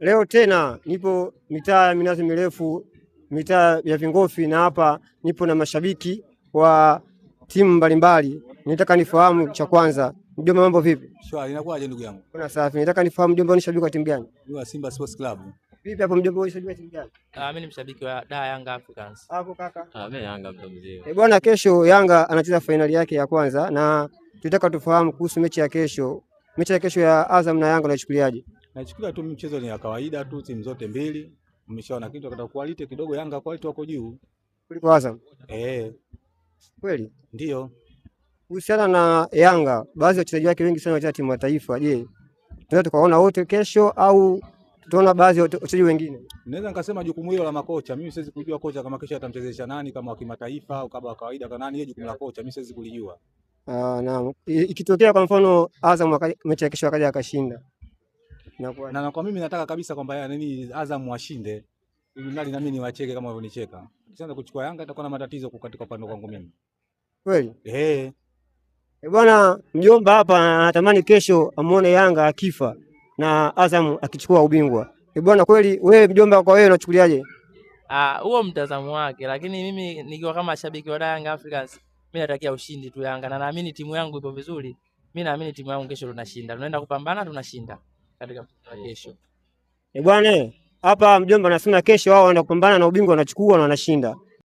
Leo tena nipo mitaa ya minazi mirefu, mitaa ya Vingofi, na hapa nipo na mashabiki wa timu mbalimbali. Nitaka nifahamu cha kwanza, mjomba, mambo vipi? Shwari, inakuwaje ndugu yangu? Kuna safi. Nitaka nifahamu mjomba, ni shabiki wa timu gani? Ni wa Simba Sports Club. Vipi hapo mjomba, ni shabiki wa timu gani? Ah, mimi ni mshabiki wa da Yanga Africans. Hapo kaka? Ah, mimi Yanga mzee. Eh, bwana, kesho Yanga anacheza fainali yake ya kwanza, na tunataka tufahamu kuhusu mechi ya kesho. Mechi ya kesho ya Azam na Yanga unaichukuliaje? Nachukulia tu mchezo ni ya kawaida tu, timu zote mbili mmeshaona kitu akata quality kidogo, Yanga quality wako juu kuliko Azam. Eh. Kweli? Ndio. Kuhusiana na Yanga, baadhi ya wachezaji wake wengi sana wanacheza timu ya taifa. Je, tunaweza tukaona wote kesho au tutaona baadhi ya wachezaji wengine? Naweza nikasema jukumu hilo la makocha. Mimi siwezi kujua kocha kama kesho atamchezesha nani, kama wa kimataifa au kama wa kawaida kwa nani. Hiyo jukumu la kocha mimi siwezi kulijua. Ah, naam. Ikitokea kwa mfano Azam mechi ya kesho akaja akashinda na, na kwa mimi nataka kabisa kwamba nini Azam washinde ili nali mimi niwacheke kama walionicheka. Ukianza kuchukua Yanga itakuwa na matatizo katika upande wangu mimi kweli. Eh. eh bwana, mjomba hapa anatamani kesho amuone Yanga akifa na Azam akichukua ubingwa. Eh bwana, kweli wewe mjomba, kwa wewe unachukuliaje? Ah, huo mtazamo wake, lakini mimi nikiwa kama shabiki wa Yanga Africans mimi natakia ushindi tu Yanga, na naamini timu yangu ipo vizuri. Mimi naamini timu yangu kesho tunashinda, tunaenda kupambana, tunashinda katika mchezo wa kesho. Eh, bwana eh, hapa mjomba anasema kesho wao wanaenda kupambana na ubingwa wanachukua na wanashinda.